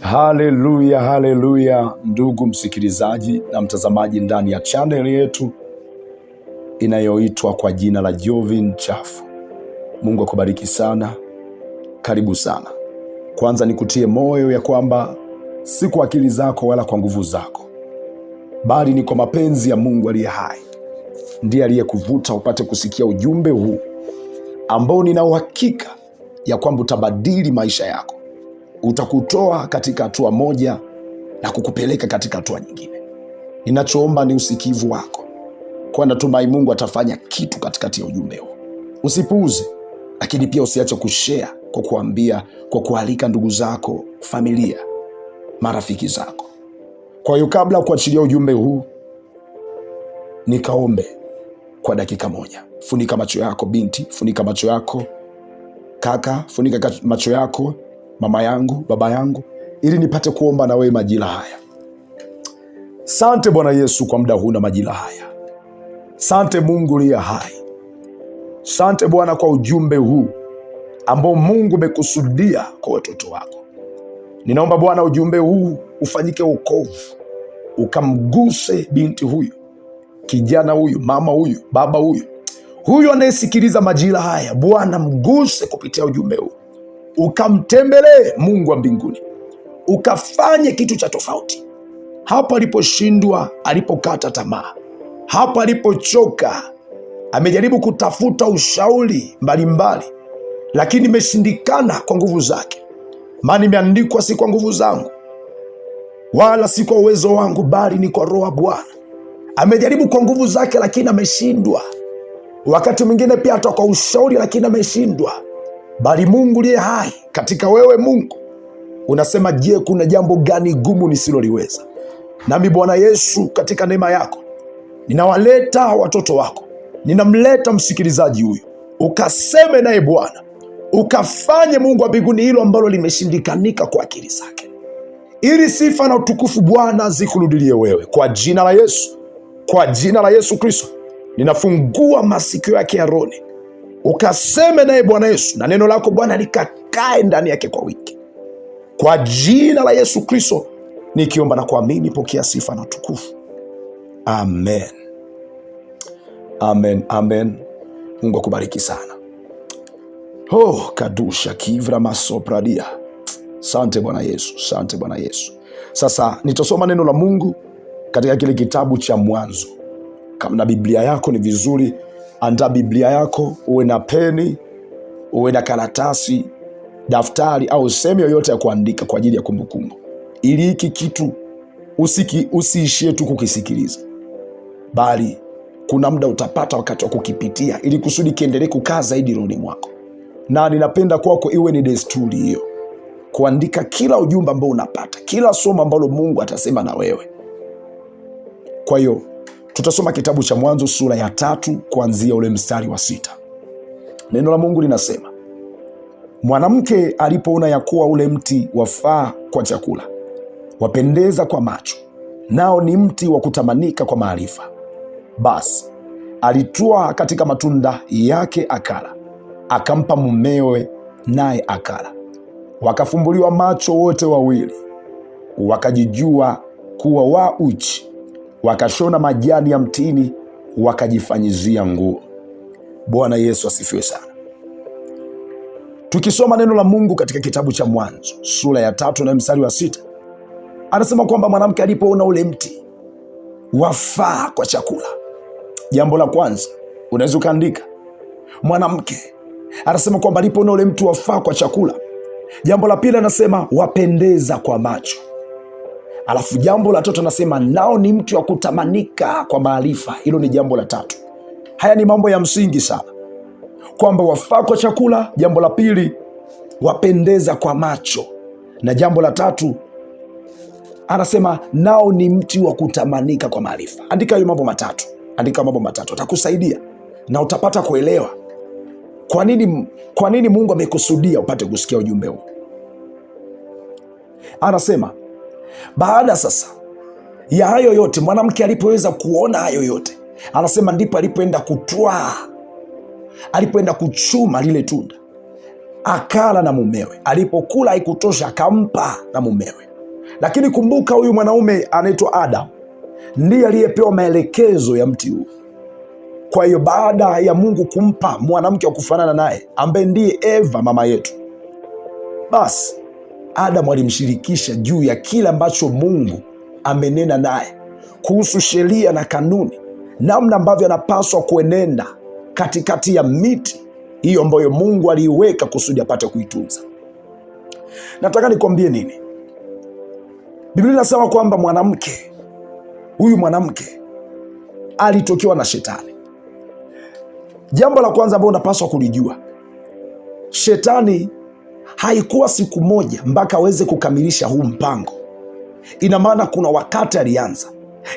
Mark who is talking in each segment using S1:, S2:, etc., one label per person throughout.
S1: Haleluya, haleluya, ndugu msikilizaji na mtazamaji ndani ya chaneli yetu inayoitwa kwa jina la Jovin Chafu. Mungu akubariki sana, karibu sana. Kwanza nikutie moyo ya kwamba si kwa akili zako wala kwa nguvu zako, bali ni kwa mapenzi ya Mungu aliye hai, ndiye aliyekuvuta upate kusikia ujumbe huu ambao nina uhakika ya kwamba utabadili maisha yako utakutoa katika hatua moja na kukupeleka katika hatua nyingine. Ninachoomba ni usikivu wako, kwa natumai Mungu atafanya kitu katikati ya ujumbe huu. Usipuuze, lakini pia usiache kushea kwa kuambia, kwa kualika ndugu zako, familia, marafiki zako. Kwa hiyo kabla ya kuachilia ujumbe huu, nikaombe kwa dakika moja. Funika macho yako binti, funika macho yako kaka, funika macho yako mama yangu, baba yangu, ili nipate kuomba na wewe majira haya. Sante Bwana Yesu kwa muda huu na majira haya. Sante Mungu liya hai. Sante Bwana kwa ujumbe huu ambao Mungu umekusudia kwa watoto wako. Ninaomba Bwana ujumbe huu ufanyike wokovu, ukamguse binti huyu, kijana huyu, mama huyu, baba huyu, huyu anayesikiliza majira haya. Bwana mguse kupitia ujumbe huu ukamtembelee Mungu wa mbinguni, ukafanye kitu cha tofauti. Hapo aliposhindwa, alipokata tamaa, hapo alipochoka, amejaribu kutafuta ushauri mbalimbali, lakini imeshindikana kwa nguvu zake, maana imeandikwa, si kwa nguvu zangu wala si kwa uwezo wangu, bali ni kwa Roho ya Bwana. Amejaribu kwa nguvu zake, lakini ameshindwa. Wakati mwingine pia hata kwa ushauri, lakini ameshindwa bali Mungu liye hai katika wewe. Mungu unasema, je, kuna jambo gani gumu nisiloliweza? Nami Bwana Yesu, katika neema yako ninawaleta watoto wako, ninamleta msikilizaji huyu, ukaseme naye Bwana, ukafanye Mungu wa mbinguni hilo ambalo limeshindikanika kwa akili zake, ili sifa na utukufu Bwana zikurudilie wewe, kwa jina la Yesu, kwa jina la Yesu Kristo ninafungua masikio yake ya roho ukaseme naye Bwana Yesu, na neno lako Bwana likakae ndani yake kwa wiki. Kwa jina la Yesu Kristo nikiomba na kuamini, pokea sifa na tukufu. Amen, amen, amen. Mungu akubariki sana. Oh, kadusha kivra masopradia. Sante Bwana Yesu, sante Bwana Yesu. Sasa nitasoma neno la Mungu katika kile kitabu cha Mwanzo. Kama na Biblia yako ni vizuri Andaa Biblia yako, uwe na peni, uwe na karatasi, daftari au sehemu yoyote ya kuandika kwa ajili ya kumbukumbu, ili hiki kitu usiishie tu kukisikiliza, bali kuna muda utapata wakati wa kukipitia, ili kusudi kiendelee kukaa zaidi roni mwako. Na ninapenda kwako iwe ni desturi hiyo, kuandika kila ujumbe ambao unapata, kila somo ambalo Mungu atasema na wewe. Kwa hiyo Tutasoma kitabu cha Mwanzo sura ya tatu kuanzia ule mstari wa sita. Neno la Mungu linasema, mwanamke alipoona ya kuwa ule mti wafaa kwa chakula, wapendeza kwa macho, nao ni mti wa kutamanika kwa maarifa, basi alitwaa katika matunda yake akala, akampa mumewe naye akala. Wakafumbuliwa macho wote wawili, wakajijua kuwa wa uchi wakashona majani ya mtini wakajifanyizia nguo. Bwana Yesu asifiwe sana. Tukisoma neno la Mungu katika kitabu cha Mwanzo sura ya tatu na mstari wa sita anasema kwamba mwanamke alipoona ule mti wafaa kwa chakula, jambo la kwanza unaweza ukaandika, mwanamke anasema kwamba alipoona ule mti wafaa kwa chakula. Jambo la pili anasema wapendeza kwa macho. Alafu jambo la tatu anasema nao ni mtu wa kutamanika kwa maarifa. Hilo ni jambo la tatu. Haya ni mambo ya msingi sana, kwamba wafaa kwa chakula. Jambo la pili, wapendeza kwa macho, na jambo la tatu anasema nao ni mti wa kutamanika kwa maarifa. Andika hayo mambo matatu, andika mambo matatu, atakusaidia na utapata kuelewa kwa nini, kwa nini Mungu amekusudia upate kusikia ujumbe huu. Anasema baada sasa ya hayo yote, mwanamke alipoweza kuona hayo yote, anasema ndipo alipoenda kutwaa, alipoenda kuchuma lile tunda, akala na mumewe. Alipokula haikutosha, akampa na mumewe. Lakini kumbuka, huyu mwanaume anaitwa Adamu, ndiye aliyepewa maelekezo ya mti huu. Kwa hiyo baada ya Mungu kumpa mwanamke wa kufanana naye ambaye ndiye Eva mama yetu, basi Adamu alimshirikisha juu ya kile ambacho Mungu amenena naye kuhusu sheria na kanuni, namna ambavyo anapaswa kuenenda katikati ya miti hiyo ambayo Mungu aliiweka kusudi apate kuitunza. Nataka nikwambie nini? Biblia inasema kwamba mwanamke huyu mwanamke alitokewa na Shetani. Jambo la kwanza ambalo unapaswa kulijua, Shetani haikuwa siku moja mpaka aweze kukamilisha huu mpango. Ina maana kuna wakati alianza,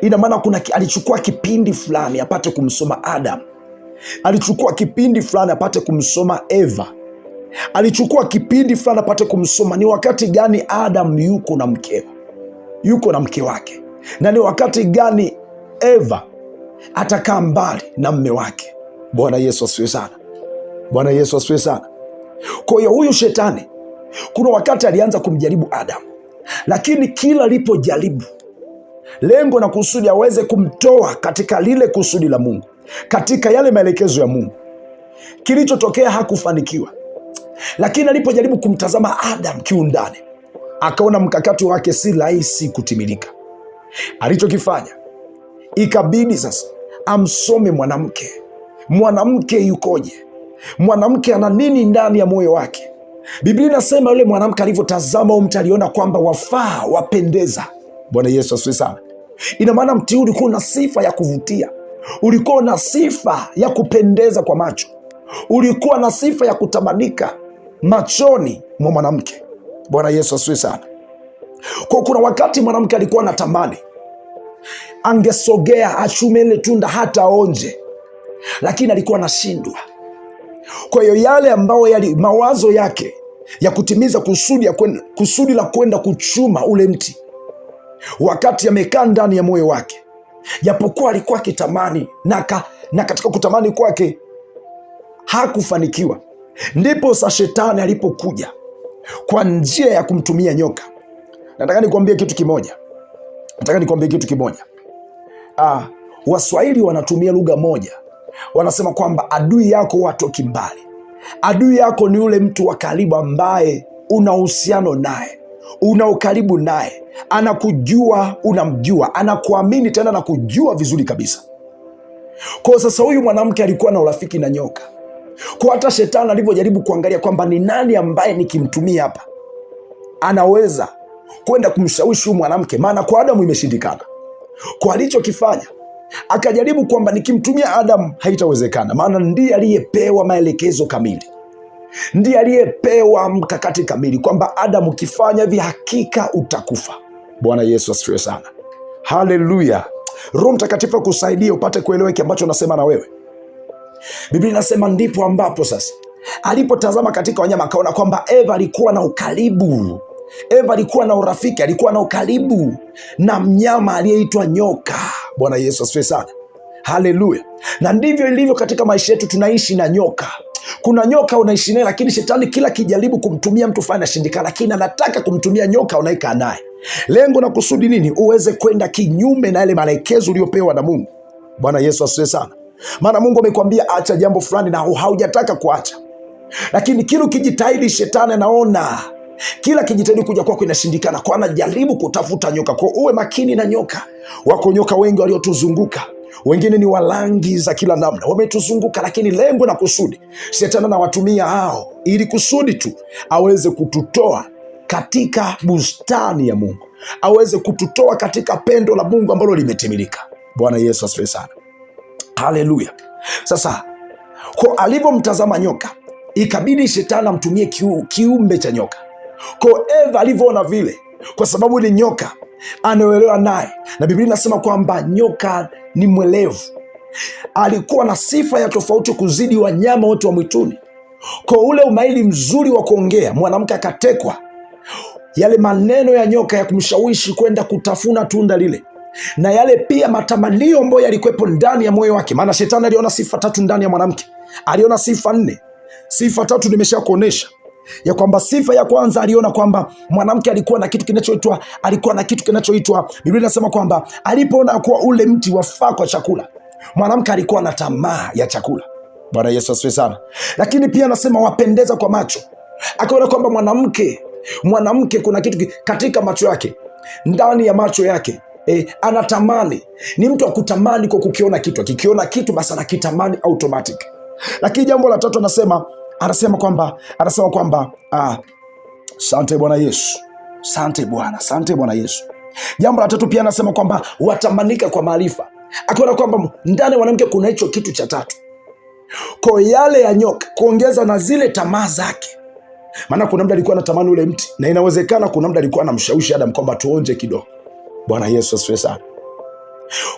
S1: ina maana kuna alichukua kipindi fulani apate kumsoma Adam, alichukua kipindi fulani apate kumsoma Eva, alichukua kipindi fulani apate kumsoma ni wakati gani Adam yuko na mkewe, yuko na mke wake, na ni wakati gani Eva atakaa mbali na mme wake. Bwana Yesu asifiwe sana. Bwana Yesu asifiwe sana. Kwa hiyo huyu shetani kuna wakati alianza kumjaribu Adamu, lakini kila lipojaribu lengo na kusudi aweze kumtoa katika lile kusudi la Mungu, katika yale maelekezo ya Mungu, kilichotokea hakufanikiwa. Lakini alipojaribu kumtazama Adamu kiundani, akaona mkakati wake si rahisi kutimilika. Alichokifanya, ikabidi sasa amsome mwanamke, mwanamke yukoje mwanamke ana nini ndani ya moyo wake. Biblia inasema yule mwanamke alivyotazama u mti aliona kwamba wafaa, wapendeza. Bwana Yesu asifiwe sana. Ina maana mti huu ulikuwa na sifa ya kuvutia, ulikuwa na sifa ya kupendeza kwa macho, ulikuwa na sifa ya kutamanika machoni mwa mwanamke. Bwana Yesu asifiwe sana. Kwa kuna wakati mwanamke alikuwa anatamani angesogea achume ile tunda hata onje, lakini alikuwa anashindwa. Kwa hiyo yale ambayo yali mawazo yake ya kutimiza kusudi, ya kwenda, kusudi la kwenda kuchuma ule mti wakati amekaa ndani ya moyo wake, japokuwa alikuwa akitamani na, ka, na katika kutamani kwake hakufanikiwa, ndipo sa shetani alipokuja kwa njia ya kumtumia nyoka. Nataka nikuambie kitu kimoja, nataka nikuambie kitu kimoja. Ah, Waswahili wanatumia lugha moja wanasema kwamba adui yako watoki mbali. Adui yako ni yule mtu wa karibu ambaye una uhusiano naye, una ukaribu naye, anakujua, unamjua, anakuamini, tena na kujua vizuri kabisa. Kwa sasa huyu mwanamke alikuwa na urafiki na nyoka, kwa hata shetani alivyojaribu kuangalia kwamba ni nani ambaye nikimtumia hapa anaweza kwenda kumshawishi huyu mwanamke, maana kwa Adamu imeshindikana, kwa alichokifanya akajaribu kwamba nikimtumia Adamu haitawezekana, maana ndiye aliyepewa maelekezo kamili, ndiye aliyepewa mkakati kamili, kwamba Adamu ukifanya hivi hakika utakufa. Bwana Yesu asifiwe sana, haleluya. Roho Mtakatifu akusaidie upate kuelewa hiki ambacho nasema na wewe. Biblia inasema ndipo ambapo sasa alipotazama katika wanyama akaona kwamba Eva alikuwa na ukaribu Eva alikuwa na urafiki, alikuwa na ukaribu na mnyama aliyeitwa nyoka. Bwana Yesu asifiwe sana. Haleluya! Na ndivyo ilivyo katika maisha yetu, tunaishi na nyoka. Kuna nyoka unaishi naye, lakini shetani kila kijaribu kumtumia mtu fulani anashindikana, lakini anataka kumtumia nyoka unaikaa naye. Lengo na kusudi nini? Uweze kwenda kinyume na yale maelekezo uliyopewa na Mungu. Bwana Yesu asifiwe sana. Maana Mungu amekwambia acha jambo fulani na haujataka kuacha, lakini kila ukijitahidi, shetani anaona kila kijitahidi kuja kwako inashindikana, kwa anajaribu kutafuta nyoka. Kwa uwe makini na nyoka. Wako nyoka wengi waliotuzunguka wengine ni walangi za kila namna wametuzunguka, lakini lengo na kusudi shetani anawatumia hao ili kusudi tu aweze kututoa katika bustani ya Mungu, aweze kututoa katika pendo la Mungu ambalo limetimilika. Bwana Yesu asifiwe sana, haleluya. Sasa kwa alivyomtazama nyoka, ikabidi shetani amtumie kiumbe cha nyoka kwa Eva alivyoona vile, kwa sababu ni nyoka anaoelewa naye, na Biblia inasema kwamba nyoka ni mwelevu, alikuwa na sifa ya tofauti kuzidi wanyama wote wa mwituni. Kwa ule umaili mzuri wa kuongea, mwanamke akatekwa yale maneno ya nyoka ya kumshawishi kwenda kutafuna tunda lile na yale pia matamanio ambayo yalikuwepo ndani ya moyo wake. Maana shetani aliona sifa tatu ndani ya mwanamke, aliona sifa nne. Sifa tatu nimesha kuonyesha ya kwamba sifa ya kwanza aliona kwamba mwanamke alikuwa na kitu kinachoitwa alikuwa na kitu kinachoitwa Biblia inasema kwamba alipoona kuwa ule mti wafaa kwa chakula, mwanamke alikuwa na tamaa ya chakula. Bwana Yesu asifiwe sana. Lakini pia anasema wapendeza kwa macho, akaona kwamba mwanamke mwanamke kuna kitu katika macho yake, ndani ya macho yake E, anatamani ni mtu wa kutamani kwa kukiona kitu, akikiona kitu basi anakitamani automatic. Lakini jambo la tatu anasema anasema kwamba anasema kwamba ah, sante Bwana Yesu, sante Bwana, sante Bwana Yesu. Jambo la tatu pia anasema kwamba watamanika kwa maarifa, akiona kwamba ndani ya mwanamke kuna hicho kitu cha tatu, kwa yale ya nyoka kuongeza na zile tamaa zake maana kuna mda alikuwa anatamani ule mti, na inawezekana kuna mda alikuwa anamshawishi Adam kwamba tuonje kidogo. Bwana Yesu asifiwe sana.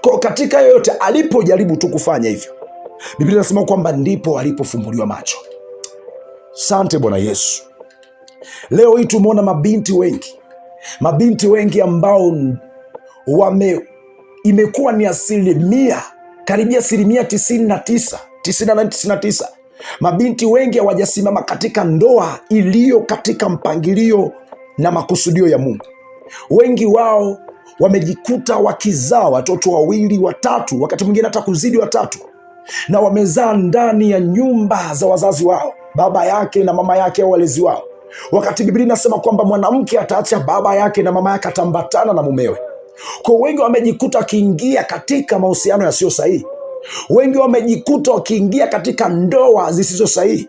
S1: Kwa katika yoyote alipojaribu tu kufanya hivyo, Biblia inasema kwamba ndipo alipofumbuliwa macho. Sante Bwana Yesu. Leo hii tumeona mabinti wengi, mabinti wengi ambao wame, imekuwa ni asilimia karibia asilimia tisini na tisa tisini na tisini na tisa mabinti wengi hawajasimama katika ndoa iliyo katika mpangilio na makusudio ya Mungu. Wengi wao wamejikuta wakizaa watoto wawili watatu, wakati mwingine hata kuzidi watatu, na wamezaa ndani ya nyumba za wazazi wao baba yake na mama yake au walezi wao. Wakati Biblia inasema kwamba mwanamke ataacha baba yake na mama yake, atambatana na mumewe. Kwa wengi wamejikuta wakiingia katika mahusiano yasiyo sahihi, wengi wamejikuta wakiingia katika ndoa zisizo sahihi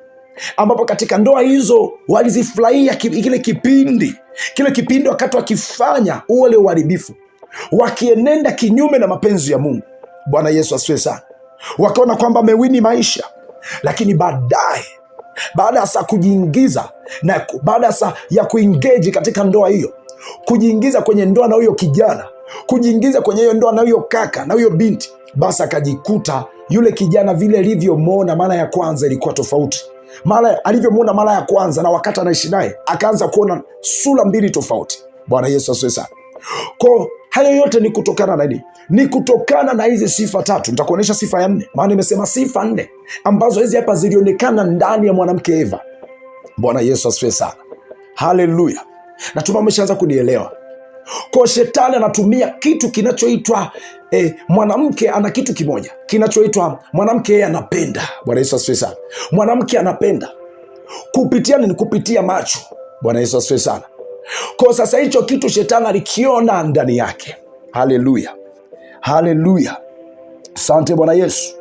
S1: ambapo katika ndoa hizo walizifurahia kile kipindi kile kipindi, wakati wakifanya ule uharibifu, wakienenda kinyume na mapenzi ya Mungu. Bwana Yesu asifiwe sana. Wakaona kwamba amewini maisha, lakini baadaye baada ya saa kujiingiza na baada saa ya kuingeji katika ndoa hiyo, kujiingiza kwenye ndoa na huyo kijana, kujiingiza kwenye hiyo ndoa na huyo kaka na huyo binti, basi akajikuta yule kijana vile alivyomwona mara ya kwanza ilikuwa tofauti mara alivyomwona mara ya kwanza na wakati anaishi naye, akaanza kuona sura mbili tofauti. Bwana Yesu asiwe sana kwao Hayo yote ni kutokana na nini? Ni kutokana na hizi sifa tatu. Nitakuonyesha sifa ya nne, maana nimesema sifa nne ambazo hizi hapa zilionekana ndani ya mwanamke Eva. Bwana Yesu asifiwe sana, haleluya. Natuma umeshaanza kunielewa. Kwa shetani anatumia kitu kinachoitwa eh, mwanamke ana kitu kimoja kinachoitwa mwanamke, yeye anapenda. Bwana Yesu asifiwe sana, mwanamke anapenda kupitia nini? Kupitia macho. Bwana Yesu asifiwe sana. Kwa sasa hicho kitu shetani alikiona ndani yake. Haleluya, haleluya, sante Bwana Yesu,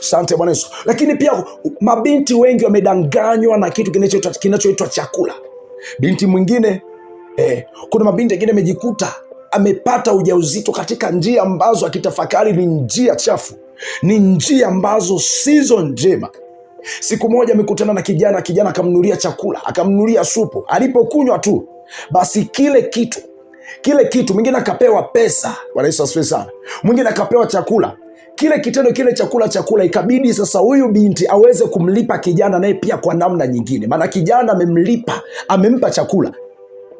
S1: sante Bwana Yesu. Lakini pia mabinti wengi wamedanganywa na kitu kinachoitwa chakula. Binti mwingine eh, kuna mabinti wengine amejikuta amepata ujauzito katika njia ambazo akitafakari ni njia chafu, ni njia ambazo sizo njema. Siku moja amekutana na kijana, kijana akamnulia chakula, akamnulia supu. Alipokunywa tu basi kile kitu kile kitu, mwingine akapewa pesa. Bwana Yesu asifiwe sana. Mwingine akapewa chakula kile kitendo kile chakula chakula, ikabidi sasa huyu binti aweze kumlipa kijana naye pia kwa namna nyingine, maana kijana amemlipa, amempa chakula.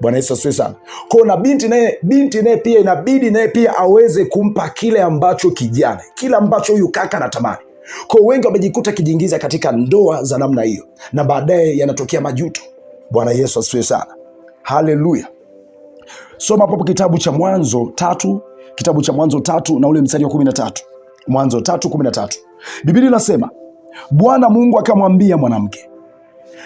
S1: Bwana Yesu asifiwe sana. Kwao na binti naye, binti naye pia inabidi naye pia aweze kumpa kile ambacho kijana, kile ambacho huyu kaka anatamani. Kwao wengi wamejikuta kijiingiza katika ndoa za namna hiyo, na baadaye yanatokea majuto. Bwana Yesu asifiwe sana haleluya soma popo kitabu cha mwanzo tatu kitabu cha mwanzo tatu na ule mstari wa kumi na tatu mwanzo tatu kumi na tatu biblia inasema bwana mungu akamwambia mwanamke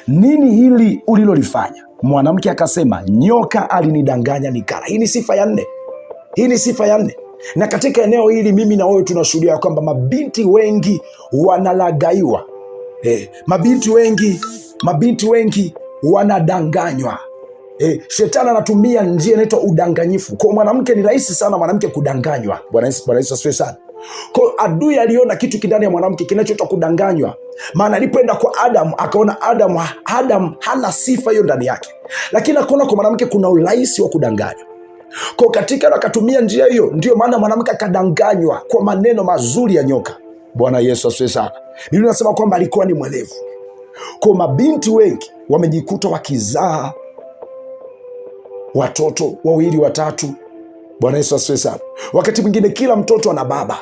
S1: nini hili ulilolifanya mwanamke akasema nyoka alinidanganya nikala hii ni sifa ya nne hii ni sifa ya nne na katika eneo hili mimi na wewe tunashuhudia ya kwamba mabinti wengi wanalagaiwa eh, mabinti wengi mabinti wengi wanadanganywa Eh, shetani anatumia njia inaitwa udanganyifu. Kwa mwanamke ni rahisi sana mwanamke kudanganywa. Bwana Yesu asifiwe sana. Kwa adui aliona kitu kindani ya mwanamke kinachoitwa kudanganywa, maana alipoenda kwa Adamu akaona Adamu, Adamu hana sifa hiyo ndani yake, lakini akaona kwa mwanamke kuna urahisi wa kudanganywa kwa katika akatumia njia hiyo, ndio maana mwanamke akadanganywa kwa maneno mazuri ya nyoka. Bwana Yesu asifiwe sana. Biblia inasema kwamba alikuwa ni mwelevu. Kwa mabinti wengi wamejikuta wakizaa watoto wawili watatu. Bwana Yesu asifiwe sana. Wakati mwingine kila mtoto ana baba,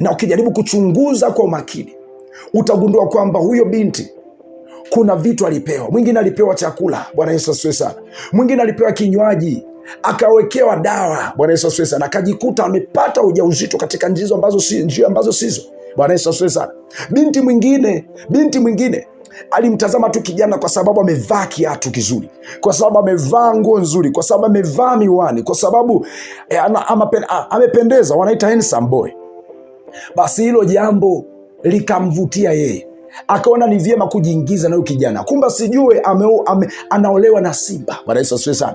S1: na ukijaribu kuchunguza kwa umakini utagundua kwamba huyo binti kuna vitu alipewa. Mwingine alipewa chakula. Bwana Yesu asifiwe sana. Mwingine alipewa kinywaji, akawekewa dawa. Bwana Yesu asifiwe sana. Akajikuta amepata ujauzito katika njia ambazo si njia ambazo sizo. Bwana Yesu asifiwe sana. Binti mwingine, binti mwingine alimtazama tu kijana kwa sababu amevaa kiatu kizuri, kwa sababu amevaa nguo nzuri, kwa sababu amevaa miwani, kwa sababu eh, amependeza, wanaita handsome boy. Basi hilo jambo likamvutia yeye, akaona ni vyema kujiingiza na kijana. Kumbe sijue ame, ame, anaolewa na simba. Bwana Yesu asifiwe sana.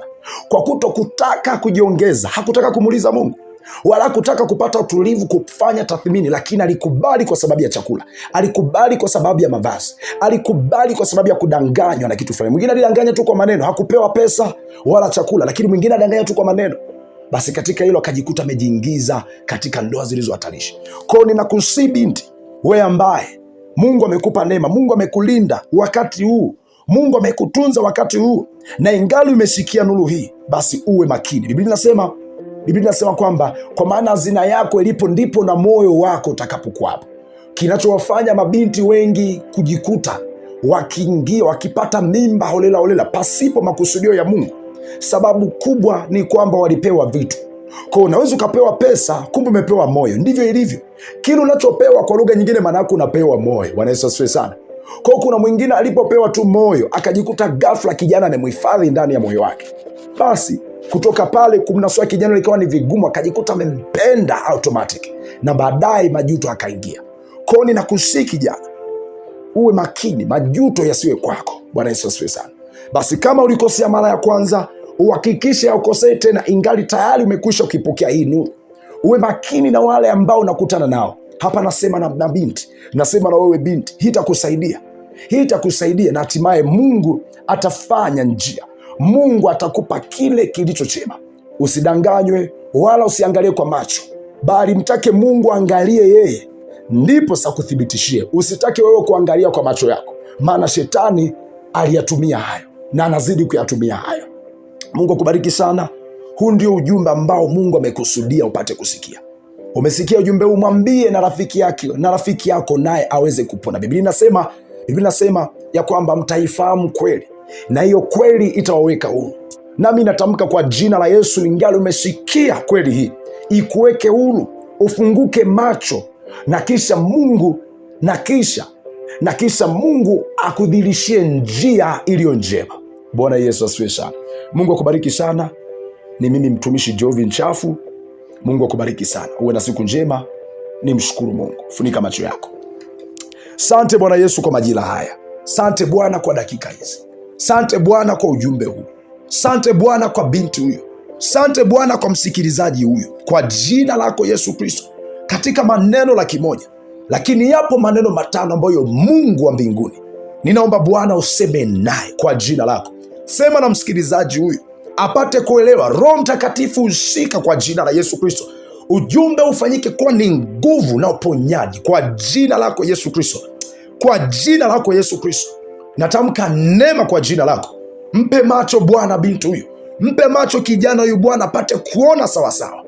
S1: Kwa kuto kutaka kujiongeza, hakutaka kumuuliza Mungu wala kutaka kupata utulivu kufanya tathmini, lakini alikubali kwa sababu ya chakula, alikubali kwa sababu ya mavazi, alikubali kwa sababu ya kudanganywa na kitu fulani. Mwingine alidanganya tu kwa maneno, hakupewa pesa wala chakula, lakini mwingine alidanganya tu kwa maneno basi katika hilo akajikuta amejiingiza katika ndoa zilizohatarishi. Kwao ninakusii binti, wewe ambaye Mungu amekupa neema, Mungu amekulinda wakati huu, Mungu amekutunza wakati huu, na ingali umesikia nuru hii, basi uwe makini. Biblia inasema Biblia inasema kwamba kwa maana hazina yako ilipo ndipo na moyo wako utakapokuwapo. Kinachowafanya mabinti wengi kujikuta wakiingia wakipata mimba holela holela pasipo makusudio ya Mungu, sababu kubwa ni kwamba walipewa vitu kwa unaweza ukapewa pesa kumbe umepewa moyo. Ndivyo ilivyo kile unachopewa, kwa lugha nyingine maana yake unapewa moyo. Bwana Yesu asifiwe sana. Kwa kuna mwingine alipopewa tu moyo akajikuta ghafla kijana anamhifadhi ndani ya moyo wake, basi kutoka pale kumnasua kijana likawa ni vigumu, akajikuta amempenda automatic na baadaye majuto akaingia kwao. Ninakusii kijana, uwe makini, majuto yasiwe kwako. Bwana Yesu asifiwe sana. Basi kama ulikosea mara ya kwanza, uhakikishe haukosei tena, ingali tayari umekwisha ukipokea hii nuru. Uwe makini na wale ambao unakutana nao. Hapa nasema na, na binti, nasema na wewe binti, hii itakusaidia, hii itakusaidia na hatimaye Mungu atafanya njia Mungu atakupa kile kilicho chema. Usidanganywe wala usiangalie kwa macho, bali mtake Mungu angalie yeye, ndipo sakuthibitishie. Usitake wewe kuangalia kwa macho yako, maana shetani aliyatumia hayo na anazidi kuyatumia hayo. Mungu akubariki sana. Huu ndio ujumbe ambao Mungu amekusudia upate kusikia. Umesikia ujumbe huu, mwambie na rafiki yake na rafiki yako naye aweze kupona. Biblia inasema Biblia inasema ya kwamba mtaifahamu kweli na hiyo kweli itawaweka huru. Nami natamka kwa jina la Yesu, ingali umesikia kweli hii, ikuweke huru, ufunguke macho, na kisha Mungu na kisha na kisha Mungu akudhirishie njia iliyo njema. Bwana Yesu asifiwe sana. Mungu akubariki sana. Ni mimi mtumishi Jovi Nchafu. Mungu akubariki sana, uwe na siku njema. Ni mshukuru Mungu. Funika macho yako. Sante Bwana Yesu kwa majira haya, sante Bwana kwa dakika hizi. Sante Bwana kwa ujumbe huu, sante Bwana kwa binti huyo, sante Bwana kwa msikilizaji huyo kwa jina lako Yesu Kristo, katika maneno laki moja, lakini yapo maneno matano ambayo Mungu wa mbinguni, ninaomba Bwana useme naye kwa jina lako. Sema na msikilizaji huyo apate kuelewa. Roho Mtakatifu husika kwa jina la Yesu Kristo, ujumbe ufanyike kuwa ni nguvu na uponyaji kwa jina lako Yesu Kristo, kwa jina lako Yesu Kristo. Natamka neema kwa jina lako. Mpe macho Bwana binti huyu, mpe macho kijana huyu Bwana apate kuona sawasawa